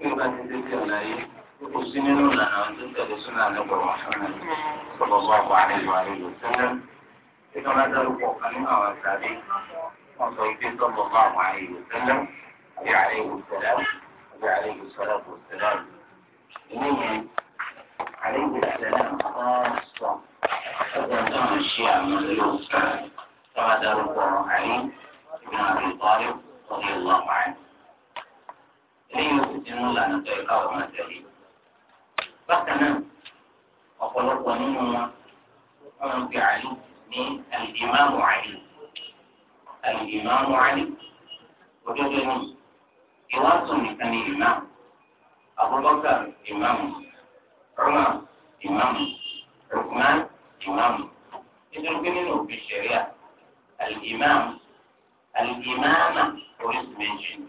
kí o bá ti ṣe ti ọ̀la yìí kò sí nínú ìlànà àwọn tó tẹ̀lé súnà lọ́gbọ̀ wọn sọ̀rọ̀ bọ́ àwọn àlejò àlejò sẹ́lẹ̀ tí wọ́n bá dárúkọ kan nínú àwọn tàbí wọ́n sọ pé sọ̀rọ̀ bọ́ àwọn àlejò sẹ́lẹ̀ àbí àlejò ọ̀dọ̀ náà ṣe àwọn lẹ́yìn oṣù tí wọ́n lànà tó ẹ̀ka ọ̀hún àtẹ̀lé. bákan náà ọ̀pọ̀lọpọ̀ nínú wọn wọ́n fi àlù ní alìdìmáàmù àlù alìdìmáàmù àlù òdodo ni ìwọ́sùn nìkan ni ìmáàmù Abubakar ìmáàmù Umar ìmáàmù Uthman ìmáàmù nítorí pé nínú òfin ṣẹ̀ríà alìdìmáàmù alìdìmáàmù oríṣi méjì ni.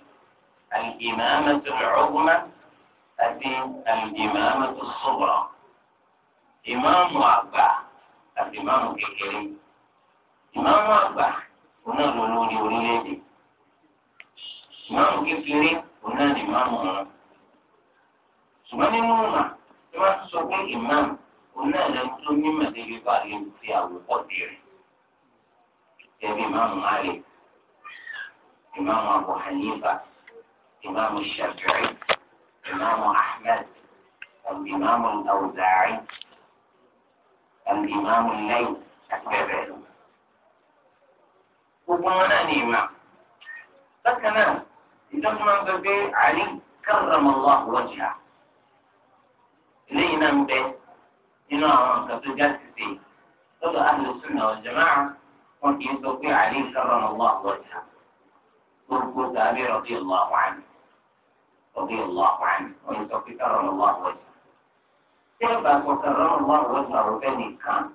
الإمامة العظمى àti الإمامة الصغرى ìmáàmù àgbà àti ìmáàmù kékeré ìmáàmù àgbà ọ̀nà lórí orílẹ̀-èdè ìmáàmù kékeré ọ̀nà ni ìmáàmù wọn ṣùgbọ́n nínú ọ̀nà tí wọ́n ti sọ pé ìmáàmù ọ̀nà rẹ̀ tó ní إمام الشافعي إمام أحمد الإمام الأوزاعي الإمام الليل الكبير وكمان إمام فكنا إذا كنا نقول علي كرم الله وجهه لينا به إنه كتجسسي قل أهل السنة والجماعة وكي يسوقي علي كرم الله وجهه قل قل أبي رضي الله عنه رضي الله عنه ويتوفي كرم الله وجهه كيف وكرم الله وجهه بني كان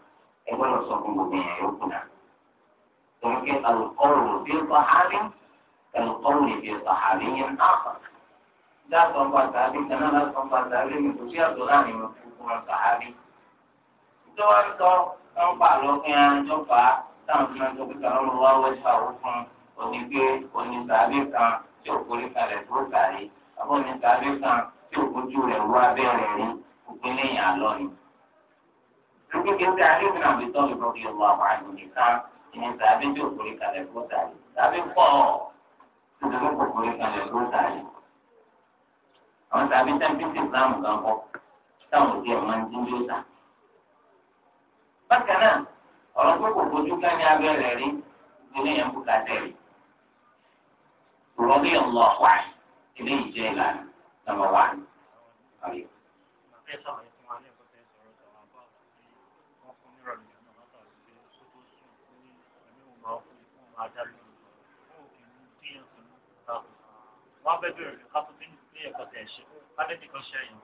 يقول صاحب بني يوكنا يمكن القول في صحابي كالقول في صحابي آخر لا صنف صحابي كان لا صنف صحابي من كثير دولاني من كثير صحابي دوار تو أن بالو كان جوفا تام من كرم الله وجهه فن ونبي ونسابي كان جو كل كارثة àbọ̀ mi ta ló kàn tí òkújú rẹ̀ wọ abẹ́rẹ́ rí òpin lẹ́yìn àlọ́ ni. lókèké tí alẹ́ ìgbìmọ̀ àbí tọ́lù lórí ọwọ́ àwọn àjò nìkan ìní tàbí tí òkúrí kalẹ̀ kó tàbí tàbí pọ̀ nítorí òkúrí kalẹ̀ kó tàbí. àwọn tàbí tẹ́ńpìtì ìsìlámù kan kọ́ táwọn òbí ẹ̀ máa ń dín yóò tà. bákan náà ọ̀rọ̀ tó kò fojú ká ní abẹ́rẹ́ rí ìpínlẹ̀ yẹn bùkátẹ́ rí. ọ̀lọ́ wáyé eléyìí jẹ́ ìlànà nọ́mbà wán. wọ́n fẹ́ bẹ̀rẹ̀ ní kápẹ́ bí ní ẹ̀kọ́ tẹ̀ ṣe kádẹ́bì kan ṣe yàn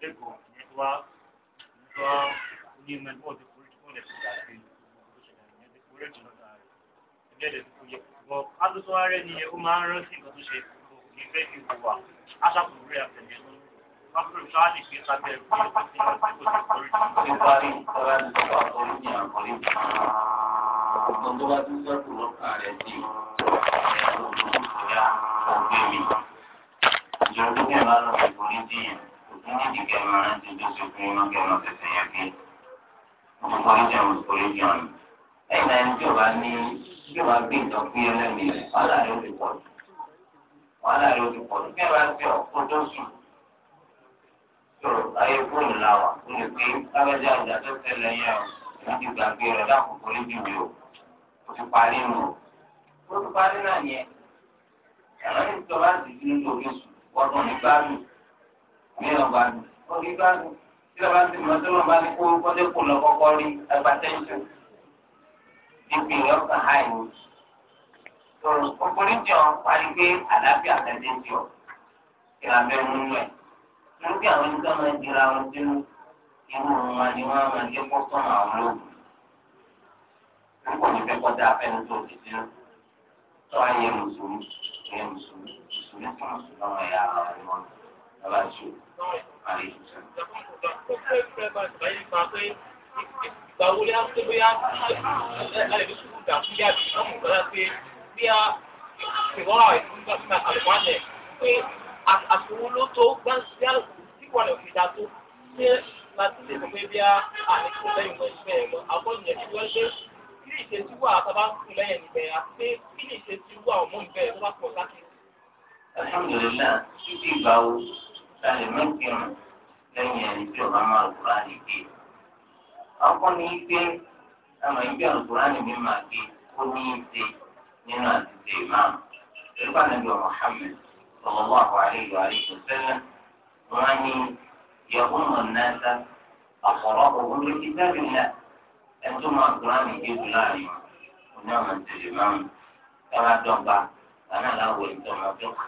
lẹ́kọ̀ọ́ ìyẹn wá tó ní ìmọ̀ ẹ̀dùn ọ̀dẹ̀ forí tó lẹ̀ fi dàgbé gbogbo ṣẹlẹ̀ ìyẹn ti forí jù lọ́dọ̀ rẹ̀ ìyẹn lè fi kú yẹ. bọ̀ adúsọ́wárẹ́ ni ó máa ń rántí nǹkan tó ṣe ìfẹ́ fi wò wá aṣàkùnrin rẹ̀ àtẹ̀lé lọ. Bákan náà ní kí sábẹ́ ẹ̀rọ yẹn tó ti lọ sí kò sí orí. Nípa rí ìtara ní ìjọba àkọrí ní àkọrí. Ọ̀gbọ́n tó bá ti ń sẹ́kù lọ́kà rẹ̀ sí ìyàwó ìgbòyà ọ̀gbẹ́ mi. Ìjọba tó kẹ̀ lọ sí orí díẹ̀. Òfin ní ìdíkẹ́ máa ń ti dóṣe fún iná kẹ́mọ́ tẹ̀sẹ̀ yẹn bí. Òfin jẹ́ òṣèré jọ̀ọ́nù. Ẹ̀yin náà ìjọba ní ìjọba gbé ìtọ́kùn yẹn lẹ́mìí rẹ̀. Wàhálà yóò ti pọ̀ jù wàhálà rẹ ojú pọ̀ ní bẹ́ẹ̀ bá ń bẹ̀ ọ̀pọ̀ tó sùn. sọ̀rọ̀ ayé fóònù làwà ó lè pé lábẹ́jà ìjà tó tẹ̀lé yẹn o láti gbàgbé rẹ̀ lákòókò níbi ìwé o ó ti parí nù o. ó ti parí náà yẹn àwọn ìjọba ti di nítorí sùn wọ́n ní gbádùn mìíràn gbádùn ó ní gbádùn tí lọ́ba ti mọ̀ tó lọ́ba ní kó kọ́dé kò lọ kọ́kọ́ rí ẹgbàá tẹ́ńtù. ìpìlẹ̀ ọ̀sán gbogbo níjọ parí pé àlàáfíà tẹ̀lé jọ ìrànlẹ́ múnú ẹ̀ níbi àwọn oníkà máa ń jira wọn sínú irú wọn ni wọn máa lé pọ́sọ́mù àwọn olóògùn nígbà wọn fẹ́ kọjá afẹ́ni tó ti sínú tó ayé mùsùlùmí ayé mùsùlùmí mùsùlùmí tó mùsùlùmí ọmọ ẹ̀yà àwọn ọmọ ọba ṣù àlè ìṣẹ́. ìgbà wo lè á tó bóyá ẹ ẹ lè fi kúrú dà fún yàtọ̀ ọmọ ìgbà láti bíá ìwọ́n àwọn ìlú nígbà tí máa kàlùmọ́ àlẹ̀ pé àtòwó ló tó gbá sí àlùkò tí dá tó ṣé láti lè pé a àníkó lẹ́yìn wọn ìgbẹ́ ẹ̀ lọ àwọn ìyẹn tí wọ́n ṣe kí lè ṣe tí wọ́n àtàbá ń kú lẹ́yìn níbẹ̀ àti pé kí lè ṣe tí wọ́n àwọn ọmọ ìgbẹ́ ẹ̀ tó bá pọ̀ láti. alhamdulilayi títí ìgbà wo ta lè mú kírun lẹ́yìn ẹni tí ọba máa lùkúrá ní gbé. ọkọ ní gbé àmọ́ ìgbé àlùkùrá nínú àtìsí ìmáàmù ìrúbà nàbí Muhammad sallallahu alayhi wa alihi wa sallam wọn ní yahoo nasa àkọrọ òun ló ti dábì náà ẹtú máa gbọ́n àmì ìdíwù láàrin wọn ní ọmọ ìtẹ̀lé máàmù ẹwà dọ́gba lánàá láwọ ìtọ́mọ fíkà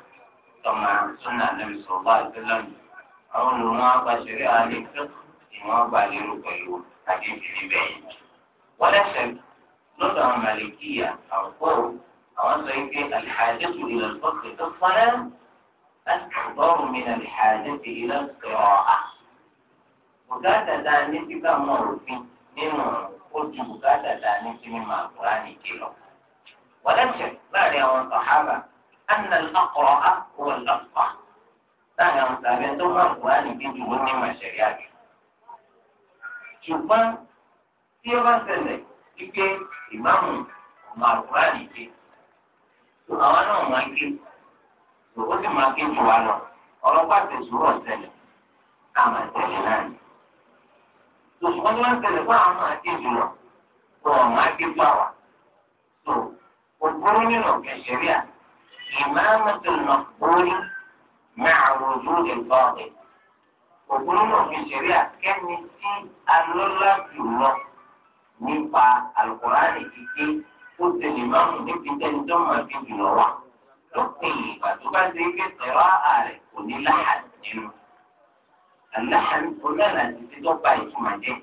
tọ́mọ súnà nàbí sallallahu alayhi wa sallam àwọn olùmọ̀ àgbàṣeré àlè fíkà ìmọ̀ àgbà lérò pẹ̀lú àdéhùn ìbẹ̀yìn wọ́n lẹ́sẹ̀ lọ́dọ̀ àwọn màlìkíyà àwọn kọ́ọ̀rọ̀ الحاجة إلى الفقه في الصلاة أكبر من الحاجة إلى القراءة وقال ذلك تأمر في من قلت وقال ذلك من القرآن كله ولا شك بعد يوم الصحابة أن الأقرأ هو الأفقه ثاني يوم الثابت ثم القرآن في جهود من الشريعة شوفان في غسل لك إمام مع القرآن كله àwọn náà máa gé òwò sì máa gé jù wá lọ ọlọ́pàá ti sùúrù ọ̀sẹ̀lẹ̀ ká máa náà ni. tòṣùpọ̀ ní wọ́n tẹ̀lé fún àwọn máa jù lọ tó máa àwà. tó nínú kẹsìríà máa kẹsìríà kẹ́ni tí alọ́lá jù lọ kó ṣe lè máa mú níbi tẹ́ni tó máa fi jùlọ wá lópin ìgbà tó bá ṣe ike tẹ̀rọ ààrẹ kò ní láhàdì nínú àláhàdì onáàlà ti ti dọ́gba ìtumọ̀ jẹ́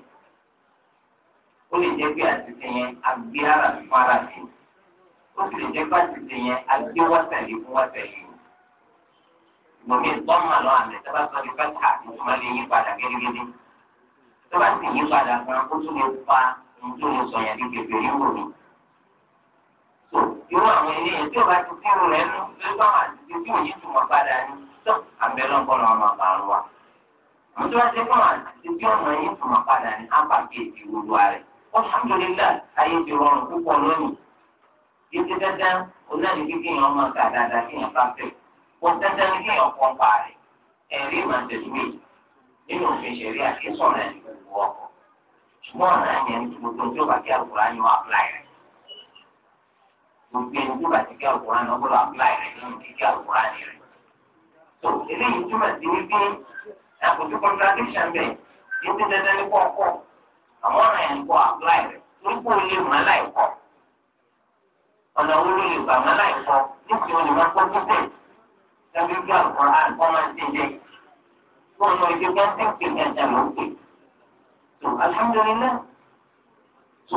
ó lè jẹ́ pé àtìsí yẹn agbé ara fún ara sí ó sì lè jẹ́ pé àtìsí yẹn agbé wọ́tẹ̀lì fún wọ́tẹ̀lì ìgbòmí ìtọ́mà lọ àmì sábà sọ ní fẹ́ta ìtumọ̀ lè yí padà gẹ́gẹ́dẹ́ tó bá sì yí padà gan ó tún fa ohun tó lè sọ yẹn irú àwọn ilé tí o bá ti kúrò rẹ nú lọ́wọ́ àti tí òye tó mọ̀ padà ní tó àbẹ̀lọ́gbọ̀n ọmọ àbàrún wa. mo tí wọ́n ti kúrò àti tí ọmọ yẹn tó mọ̀ padà ní ápàkì èdè olú ààrẹ. alhamdulilayi ayé ti rọrùn púpọ̀ lónìí. yíṣẹ́ dandan onáni kíkéèyàn ọmọ ọ̀gá dáadáa kéèyàn bá fẹ́. wọ́n dandan ní kéèyàn kọ́ pa rẹ̀. ẹ̀rí màá tẹ̀lé mi nínú òfin ṣẹ̀rí àti sọ̀rọ̀ ẹ̀ gbogbo ẹni tó bá ti kí àwòrán náà gbọ́dọ̀ apply rẹ̀ nínú kíkí àwòrán rẹ̀. tó eléyìí túmọ̀ sí wípé àkójọ contradiction bẹ́ẹ̀ yóò fi dandan ní kọ́kọ́ àwọn ọ̀ràn yẹn kọ́ apply rẹ̀ nígbà olè mọ́ láìkọ́ ọ̀nà olè lè gbà mọ́ láìkọ́ nígbà olè wọ́n kọ́ síbẹ̀ tàbí kí àwòrán kọ́ máa ń tẹ̀lé wọn ìdí gẹ́gẹ́ kẹ̀kẹ́ kẹ̀kẹ́ lọ́kẹ́. tó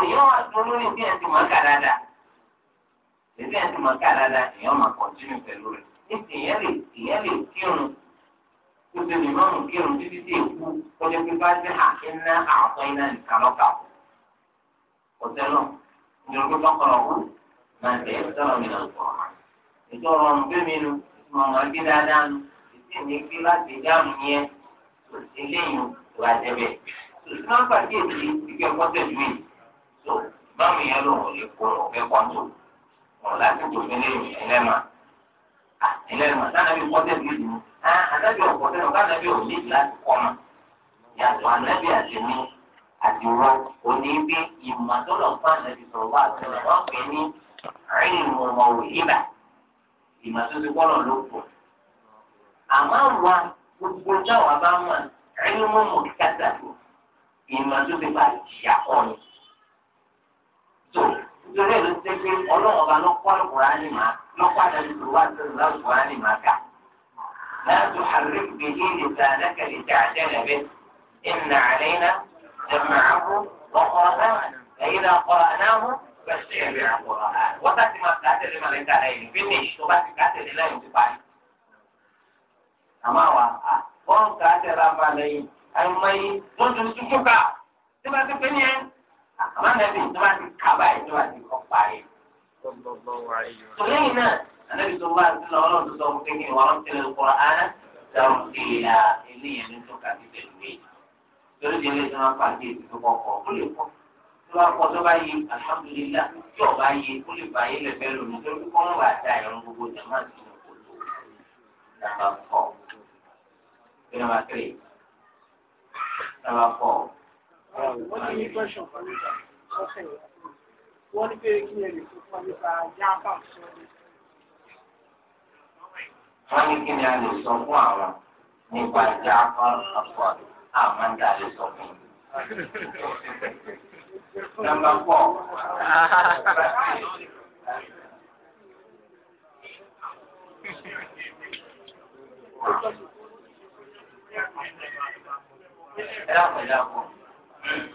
èyí wọn tó lórí bí ẹni tó máa kà dáadáa èyí ẹni tó máa kà dáadáa pẹ̀lú rẹ̀ níbi èyí lè èyí lè kírun tó ṣe lè mọ́mù kírun títí tí èkú ó lè fi bá iná nìkan lọ́kà máa sọ̀rọ̀ mi náà sọ̀rọ̀ máa mi nu ìtumọ̀ wọn gbé dáadáa nu láti yẹn báwo yẹn ló ń lè kó ọ̀fẹ́ kọ́tù wọn láti tó fi lẹ́yìn ẹlẹ́mà ẹlẹ́mà sanabi kọ́tẹ́ bí dùn án anabi ọ̀kọ́tẹ́ náà sanabi ò ní láti kọ́ ma yàtọ̀ anabi àtẹ̀mí àdìwọ́ òní bí ìmọ̀tọ́lọ̀ fún anabi sọ̀rọ̀ wá àtẹ̀lẹ̀ wọ́n pè ní ẹ̀yìn ọmọwò ìbà ìmọ̀tọ́sí kọ́lọ̀ ló pọ̀ àmọ́ wa gbogbo táwọn bá mọ̀ ẹ̀yìn ọmọ mọ̀ kíkàtà ìmọ̀tọ́sí bá ìyà kọ́ni. lórí ìlú ṣe pé ọlọ́run ọba lọ́kọ́ àlùkùrá ni màá lọ́kọ́ àdàlùkùrá wà sẹ́yìn lálùkùrá ni màá kà. láti ṣàlùkù bèjì lè ta lẹ́kẹ̀lẹ́ tà àjẹ́lẹ̀ bẹ́ ìnà àlẹ́yìnà jẹ̀màáhù ọkọ̀ọ̀bá ẹ̀yìnà ọ̀kọ̀ọ̀náhù bẹ́sẹ̀ ẹ̀rẹ̀ àkọ̀ọ̀rọ̀ wọ́n tà ti máa kà á tẹ̀lé màlẹ́kà lẹ́yìn fínísì tó bá ti kà á tẹ̀lé lẹ́yìn ti parí àmọ́ àwa wọ́n ń ka àtẹ̀rà balẹ̀ yìí àìmọye wọ́n tún tún tún ká tí wọ́n ti pè ní ẹ́ àmọ́ nàbí ìjọba ti kábà ìjọba ti kọ́ parí. tòlẹ́yìn náà ànábi tó wá sí lọ́wọ́ lọ́dún tó ń pè ní wàá tẹ̀lé kọ́ra áná dáhùn sí ìyá eléyìí ní tó kàdí pẹ̀lú èyí. torí di eléyìí tó máa pàdé ìdìbò kọ̀ọ̀kọ̀ ó lè kọ́ tó bá kọ́ tó bá yé alihamudulilá tí ò bá yé ó lè bá yé lẹ́fẹ́ lónìí torí kọ́ wọn dá ẹ̀rọ gbogbo jàmá àti ìdìbò wọ́n ní question for nípa ọ̀sẹ̀ wọ́n ní pé kí ẹ lè sọ fún nípa yáàpá sọ́ọ́dún. wọ́n ní kí ni a lè sọ fún àwọn nípa yáàpá sọ́ọ́dún àmọ́ ní a lè sọ fún un. Nọ́mbà pọ̀. Ẹ dákun ẹ الحمد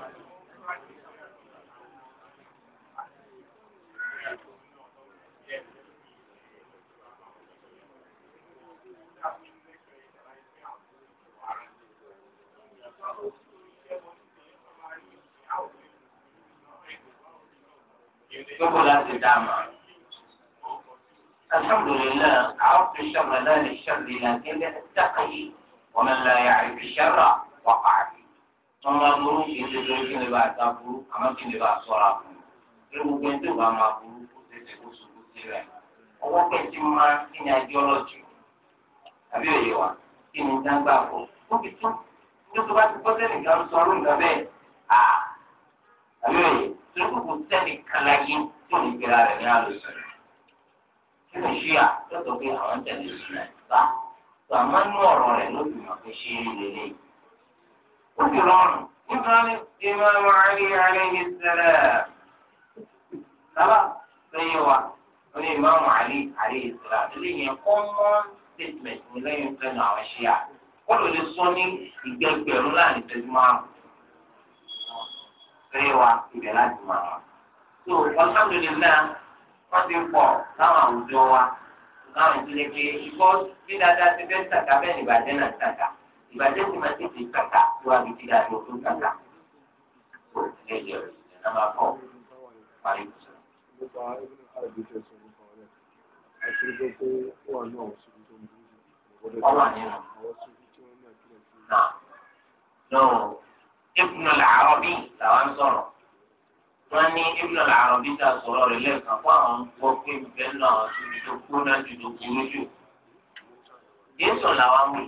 لله عرفت الشر لا للشر لكن للتقي ومن لا يعرف الشر وقع فيه wọn máa burú kì í ṣe pé kí ni bá ta burú àmọ́ kí ni bá sọra fún un pé gbogbo ẹni tó bá máa burú kó tètè kó ṣubú sílẹ̀ ọwọ́ pẹ̀tí máa kí ni ajọ́ lọ jù àbí òye wa kí ni dáńgbà fún ó fi tún ní tó bá ti gbọ́ sẹ́nìkan ń sọ̀rọ̀ nǹkan bẹ́ẹ̀ à àbí òye tó kò kò sẹ́nìkan láyé tó ní ìgbéra rẹ̀ ní àlòsàn kí ni ṣíà lọ́tọ̀ pé àwọn tẹ̀lé ìṣúná ìgbà tó àmọ́ inú ọ̀rọ̀ rẹ̀ ló ó sì rọrùn nítorí ìmọ̀ràn àrí àrí ní sẹ́lẹ̀. sábà lẹ́yìn wa ó ní ìmọ̀ràn àrí àrí ìsìlá lẹ́yìn ẹ̀kọ́ mọ́ statement ní lẹ́yìn fẹ́nu àwọn ṣíà ó lò lè sọ ní ìgbẹ́gbẹ̀rún láàrin ìtẹ́jú márùn-ún. lẹ́yìn wa ibẹ̀ láti máa wà. tó alhamdulilayi wọ́n ti ń pọ̀ láwọn àwùjọ wa láwọn ìdílé pé ìkọ́ bí dáadáa ti fẹ́ ìbàjẹ́ ti máa tètè kàkà tó wà ní tìlà ní òfin kàkà. ẹyẹ nàmbà fọ parí kùsà. nípa ẹni àìbí tẹsán nípa ọ̀rẹ́ àti ẹgbẹ́ pé ó wà náà sí ibi tó ń bú ọdẹ tó wà nínú àwọn sí ibi tí wọn ní náà náà ibùnà làwọn sọ̀rọ̀ wọ́n ní ibùdó làárọ̀ ta sọ̀rọ̀ rẹ̀ lẹ́ẹ̀kan fún àwọn gbọ́ pé bẹ́ẹ̀ náà síbi tó kúrò náà ju tó kúrò jù. yéésù làwọn wí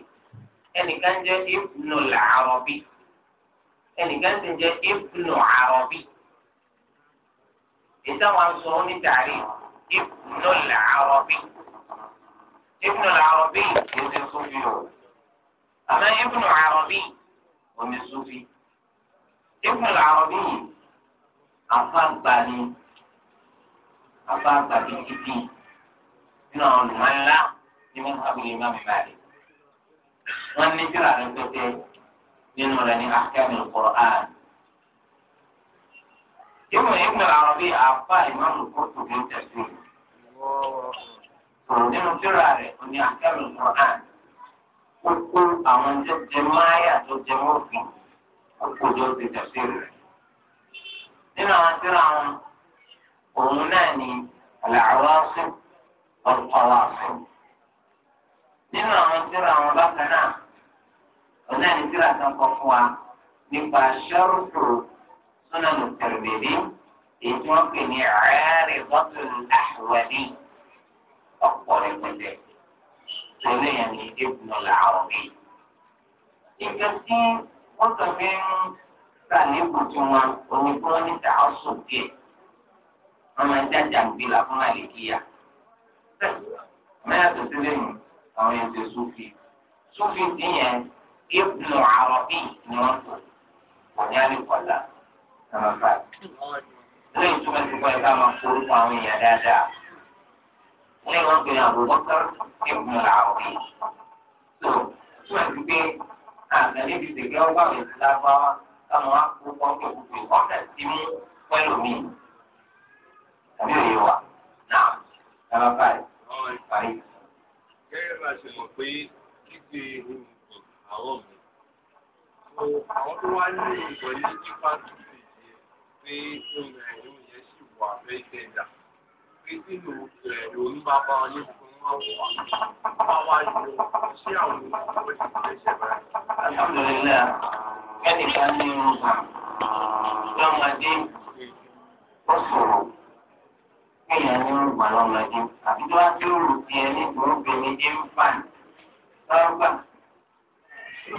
ẹnìkan jẹ́ ibùnú làárọ̀bí ẹnìkan sì jẹ́ ibùnú àrọ̀bí ìtàwọn sọ ọ́ ní tàrí ibùnú làárọ̀bí ibùnú làárọ̀bí kìí ṣe sófì o àmọ́ ibùnú àrọ̀bí ò ní sófì ibùnú làárọ̀bí àfàgbà ni àfàgbà bíi títí nínú àwọn olùmọ̀ńlá ní mọ́tàbílì máa ń bàlẹ̀ wọn ní tíra rẹ pété nínú rẹ ní akamil Qur'an ìmọ̀ ìmọ̀ Arabi àfa ìmọ̀lù kóòtù bí ó tẹ̀sí nínú tíra rẹ ní akamil Qur'an ó kó àwọn jẹjẹ máyà tó jẹ mọ́fìn ó kó ti tẹ̀sí rẹ nínú àwọn tíra wọn òun náà ní al-Awasim wal-Qawasim nínú àwọn tíra wọn bákan náà ọ̀nà ìdíra kan kọ fún wa nípa ṣọ́rùtù súnánù tẹ̀rẹ̀bẹ̀dẹ̀ èyí tí wọ́n pè ní àárẹ̀ bọ́tù àwẹ̀dì ọ̀pọ̀ rẹpẹtẹ lórí yẹn ní ìdíbùnú làwọn bí. ìjọ tí wọ́n sọ fẹ́ ń ta lẹ́kùn tí wọn omi kí ní ta ọ̀sùn díẹ̀ wọ́n máa ń jájà gbìlà fún àlèkíyà. mẹ́yàtọ̀ sílẹ̀ yìí àwọn yẹn ti súnfì súnfì yẹn ibnu arabi ni wọn tó ọ̀nyáni kọ̀lá nàmà fàáyì. lẹ́yìn tó bá ti gbọ́ ẹ̀ka máa forúkọ àwọn èèyàn dáadáa. lẹ́yìn wọn gbé abubakar ibnu arabi. tó tó bá ti gbé àgbẹ̀lẹ́ ti tẹ̀gẹ́ ọgbà rẹ̀ ti lágbáwá káwọn akókò ọ̀pẹ̀ òkùnkùn ọ̀pẹ̀ ti mú pẹ̀lú mi. àbí òye wa náà nàmà fàáyì. ọ̀rọ̀ ìparí. gẹ́gẹ́ àwọn mi. àwọn tó wá ní ìwọlé nípa tó ṣe yẹ pé ohun ẹ̀yìn yẹn sì wà very tender. pé nínú ẹ̀rọ ń bá bá ọyẹ́ fún wọn wà bá wá yọ sí àwọn ìwọlé tó ṣe ṣe báyìí. alhamdulilayi kẹ́nìkan ní irun kan lọ́mọdé ó sọ̀rọ̀ kéèyàn ní irun kan lọ́mọdé àbí tí wọ́n ti rò tiẹ̀ ní ìgbòho bèbè dé ń fà lọ́gbà.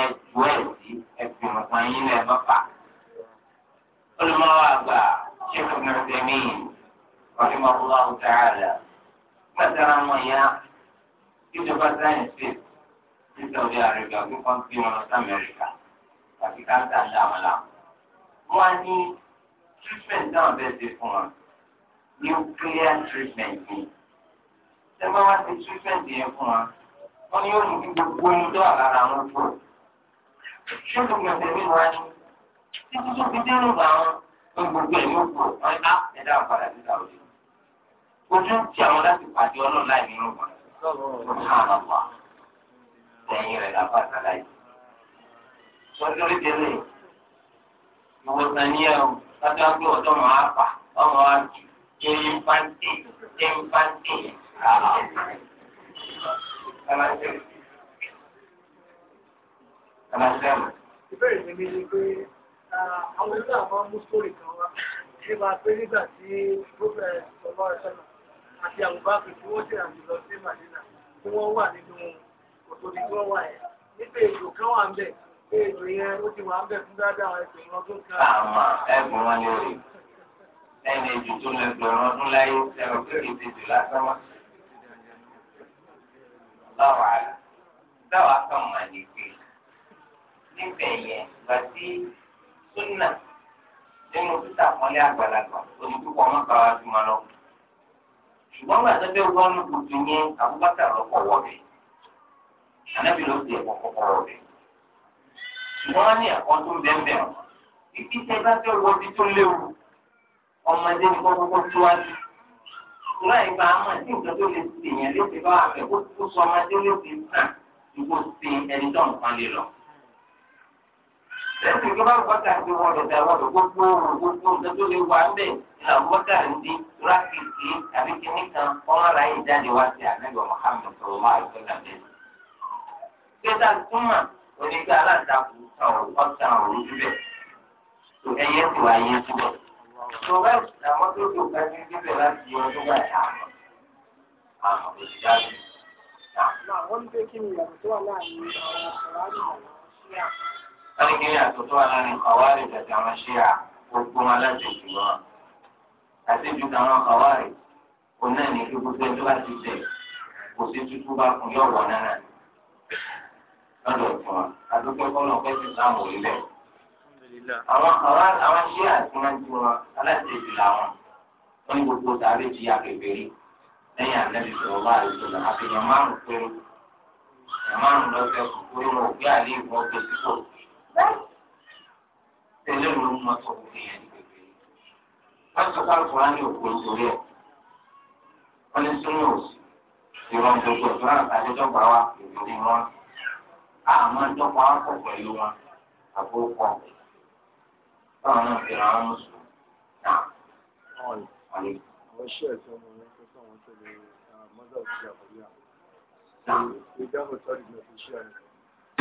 ẹ̀jú ẹ̀jí ẹ̀jú nǹkan yín lẹ̀ mọ́fà. olùmọ̀wá àgbà ṣẹ́kù nàìjíríà ọ̀dùnmọ̀kúnlá ọ̀tá àlà gbàdára wọn ya ìjọba sáyẹ̀nsì ní Saudi Arabia gbígbọ́n bí wọn lọ Amẹ́ríkà àti káńtà ń wọn ní treatment náà bẹ́ẹ̀ ṣe fún wọn nuclear treatment ni. ṣé wọ́n wá sí treatment yẹn fún wọn? wọ́n ní yóò ní gbogbo ohun tó wà lára wọn fún un ṣé gbogbo ẹ̀sẹ̀ mi wá ní títí tó fi dé rògbà wọn gbogbo ẹ̀mí kò wọn á ẹ̀dá àpàdà sí ìdá òde. ojú ti àwọn láti pàdé ọlọ́run láì ní pa ẹ̀yìn rẹ̀ lápá àtàláyé. sọ́jọ́ lè délé ìwọ sàníyà o pa ọmọ wa jù ẹ̀yìn pàǹtì ẹ̀yìn pàǹtì àmọ́ ṣe dáhùn. ìbéèrè mi ni pé àwọn ìlú àwọn mùsùlùmí kan wá nípa pé nígbà tí gómìnà ọlọ́ ẹ̀sọ́nà àti àbúbáfì tí wọ́n ṣe àjùlọ sí màdínà tí wọ́n wà nínú kòtò ní wọ́n wà yẹn nípa èrò kan wà ń bẹ̀ pé èrò yẹn ó ti wà ń bẹ̀ fún dáadáa ẹgbẹ̀rún ọdún kan. àmọ́ ẹ̀gbọ́n wọn ni ó rí ẹni ìjù tó lè gbẹ̀rún ọdún láyé ẹ̀rọ kéèké ti jù lásán wá. láwàá dáwàá kàn máa ní pé níbẹ̀ yẹn gba sí súnà nínú títà pọ́nlé àgbàlagbà onípúpọ̀ wọn kà wá sí wọn lọ. ṣùgbọ́n gbà tó bẹ́ẹ̀ wọ́n nù kùtù yẹn Abubakar lọ́kọ̀ wọ̀bẹ̀ ànábì ló ti ẹ̀kọ́ kọ́kọ́ wọ̀bẹ̀. ṣùgbọ́n wọn ní ẹ̀kọ́ tó ń bẹ́ẹ̀ bẹ́ẹ̀ wọn. ibi tẹ́ bá fẹ́ wọ ibi tó léwu ọmọdé ní kọ́kọ́ tó wájú ìtura ìgbà àmọ́ tí nǹkan tó lè ti èèyàn léṣe bá wà fẹ́ kó sọ ọmọdé ló fi ń ju kó sin ẹni tó nǹkan lè lọ lẹ́sìn kí bá bọ́tà ti wọ ọ̀dọ̀ àwọn ọ̀dọ̀ gbogbo gbogbo gbogbo lè wà ńbẹ̀ ìlà bọ́tà ń di rákìtì àbí kìíní kan ọmọ aráyè jáde wá sí àgbẹ̀gbọ̀ Muhammad sọ̀rọ̀ wá àgbẹ̀ gàdé. Gbẹ́dà túmọ̀ onígbà aláǹtakù ọ̀tà òun síbẹ̀. Tò ẹyẹ tó ayé síbẹ̀. Tò bá àwọn tó tó ká sí síbẹ̀ láti yọ ọdún bá yà á. Àwọn òṣìṣẹ́ àgbẹ̀. Àwọn ń wọ́n kí ní àtúntò alárin kọ̀wárì àti àwọn ṣíà gbogbo wọn láti jù wọn. àti ju àwọn kọ̀wárì kò náà ní kí gbogbo ẹjọ́ láti tẹ̀ kò sí tútú bá kun yọ̀ wọ́n náà lọ́dọ̀ fún wa àdúgbò kọ́nà pẹ́ sí ìsàmù orílẹ̀. àwọn àwọn ṣíà tí wọ́n ju wọn aláṣẹ́jù làwọn wọ́n ní gbogbo sàárè ti àkèbèrè lẹ́yìn ànábì sọ̀rọ̀ bá àlùsọ̀rọ̀ àfihàn márùn-ún péré tẹ̀lé òun máa sọ fún yẹn ní pẹ̀lú yìí. wọ́n sọ pé àkùrá ní òkú nítorí ẹ̀. wọ́n ní súnmọ́ òsì ìrọ̀n gbogbo ìtura àtàlẹ́dọ́gba wa ìròyìn wọn. àmọ́ dọ́gba wa pọ̀ pẹ̀lú wọn àbúkọ. báwọn náà fi ra wọn mùsùlùmí. náà àwọn iṣẹ́ ẹ̀sọ́ ọmọ rẹ̀ fẹ́ sọ wọn tẹ̀lé mọ́tò àti àbúrò yà. ìdáhùn sọ́ọ̀dì náà fi ṣe àyẹ̀kọ́.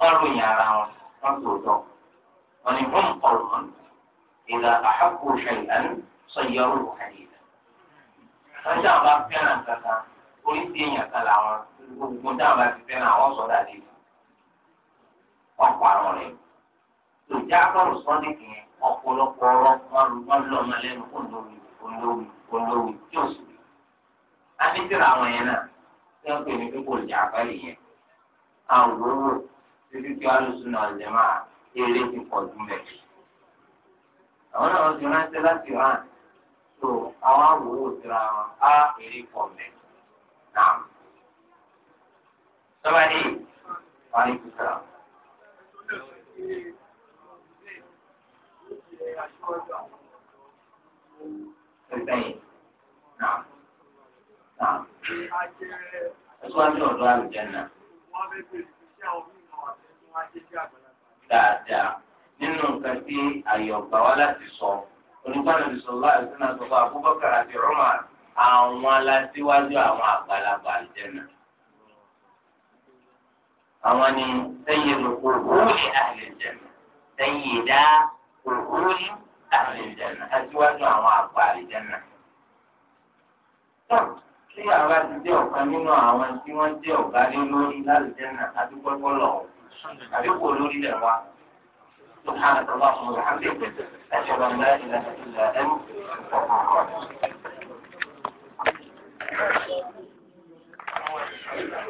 wọn ròyìn ara wọn wọn tó tọ wọn ni wọn kọrọ wọn ìlà àhàkù ṣẹyìn sọyọrọ àdìyẹ wọn tí àwọn bá fẹ́ràn kankan oríṣi èèyàn kan làwọn gbogbo tí àwọn bá ti fẹ́ràn àwọn sọdọ àdìyẹ wọn pa àwọn rẹ lòdì akọrọ sọdíkì yẹn ọ̀pọ̀lọpọ̀ ọ̀rọ̀ wọn lọ ọmọ lẹ́nu olórí olórí olórí tí ó sì a ní síra àwọn yẹn náà tí wọ́n pè ní pípò ìjà àbálẹ̀ yẹn àwọn òwúrò títí tí wọn lùsùn náà lè máa eré ti pọ̀ jù mẹ́. àwọn náà wọ́n ti ránṣẹ́ láti rán so àwọn àwòrán òsèrà wọn á eré pọ̀ mẹ́. náà sọ́ba yìí wọ́n ní kùsàrà. Sẹ́yìn náà náà ẹ̀sùn àti ọ̀dọ́ àlùjẹ́ náà dáadáa nínú nǹkan tí àyọ̀gbà wa láti sọ onígbàna bisalòlá àìsàn àtọ́kọ́ Abubakar àti Umar àwọn aláṣíwájú àwọn àgbàlagbà àlùjẹ́nà. àwọn ni sẹ́yìn òkúrúurú ahli aljanna sẹ́yìn dá òkúrúurú ahli aljanna aṣíwájú àwọn àgbà àlùjẹ́nà. tí àwa ti jẹ́ ọ̀kan nínú àwọn tí wọ́n jẹ́ ọ̀gá lé lórí lálùjẹ́nà àdúgbò bọ́lọ̀ ọ̀hún. àdúgbò lórí rẹ̀ wá. سبحانك اللهم وبحمدك أشهد أن لا إله إلا أنت